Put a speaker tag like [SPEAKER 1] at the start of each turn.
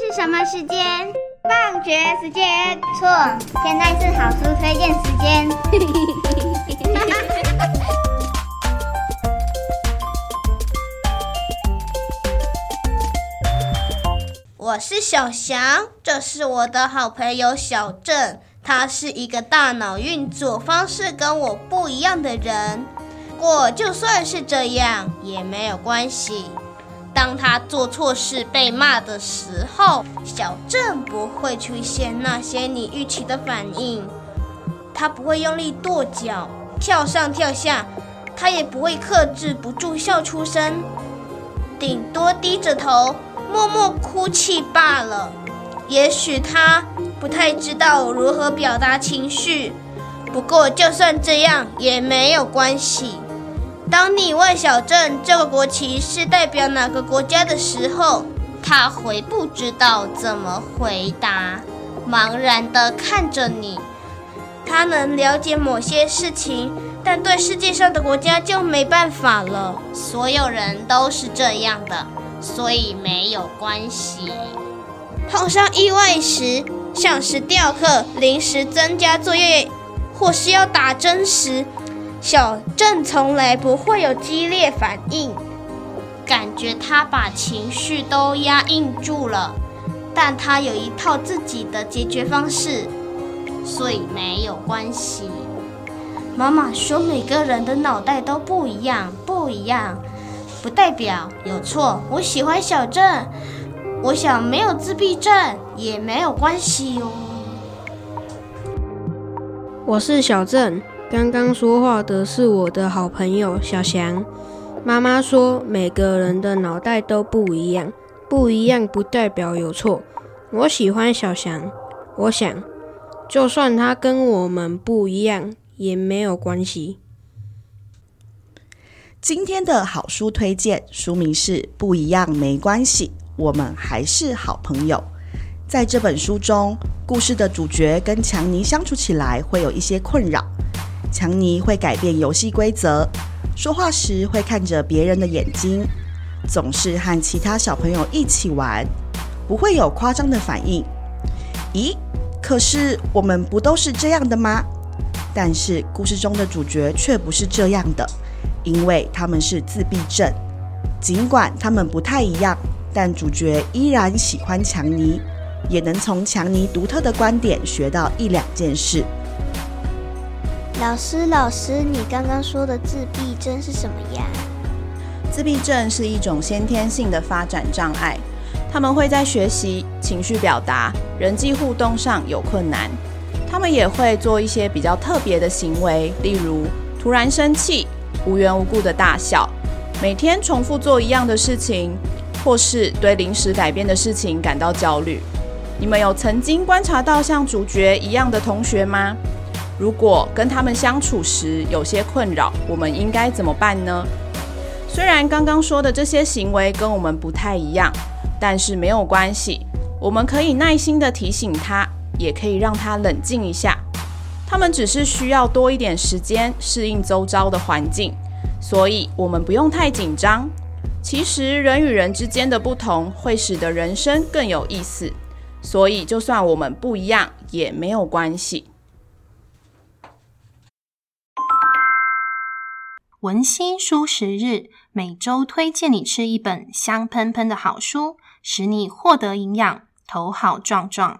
[SPEAKER 1] 是什麼時間？放學時間。錯，現在是好書推薦時間。 我是小翔，這是我的好朋友小正，他是一個大腦運作方式跟我不一樣的人。我就算是這樣也沒有關係。當他做錯事被罵的時候，小鄭不會出現那些你預期的反應。他不會用力跺腳、跳上跳下，他也不會克制不住笑出聲，頂多低着頭默默哭泣罷了。也許他不太知道如何表達情緒，不過就算這樣也沒有關係。當你問小鎮這個國旗是代表哪個國家的時候，他會不知道怎麼回答，茫然的看着你。他能了解某些事情，但對世界上的國家就沒辦法了。所有人都是這樣的，所以沒有關係。碰上意外時，像是調課、臨時增加作業，或是要打針時。小鄭從來不會有激烈反應，感覺他把情緒都壓抑住了，但他有一套自己的解決方式，所以沒有關係。媽媽說，每個人的腦袋都不一樣，不一樣，不代表有錯。我喜歡小鄭，我想，沒有自閉症也沒有關係哦。我是小鄭。剛剛說話的是我的好朋友小翔。媽媽說：“每個人的腦袋都不一樣，不一樣不代表有錯。”我喜歡小翔，我想，就算他跟我們不一樣，也沒有關係。
[SPEAKER 2] 今天
[SPEAKER 1] 的好書推薦，書名
[SPEAKER 2] 是《不一樣沒關係，我們還是好朋友》。在這本書中，故事的主角跟強尼相處起來會有一些困擾。強尼會改變遊戲規則，說話時會看着別人的眼睛，總是和其他小朋友一起玩，不會有誇張的反應。咦？可是我們不都是這樣的嗎？但是故事中的主角卻不是這樣的，因為他們是自閉症。儘管他們不太一樣，但主角依然喜歡強尼，也能從強尼獨特的觀點學到一兩件事。
[SPEAKER 1] 老師，老師，你剛剛說的自閉症是什麼呀？自閉症是一種先天性
[SPEAKER 3] 的發展障礙，他們會在學習、情緒表達、人際互動上有困難。他們也會做一些比較特別的行為，例如突然生氣、無緣無故的大笑、每天重複做一樣的事情，或是對臨時改變的事情感到焦慮。你們有曾經觀察到像主角一樣的同學嗎？如果跟他們相處時有些困擾，我們應該怎麼辦呢？雖然剛剛說的這些行為跟我們不太一樣，但是沒有關係，我們可以耐心地提醒他，也可以讓他冷靜一下。他們只是需要多一點時間適應周遭的環境，所以我們不用太緊張。其實人與人之間的不同會使得人生更有意思，所以就算我們不一樣
[SPEAKER 1] 也沒有關係。文欣書食日，每週推薦你吃一本香噴噴的好書，使你獲得營養，頭好壯壯。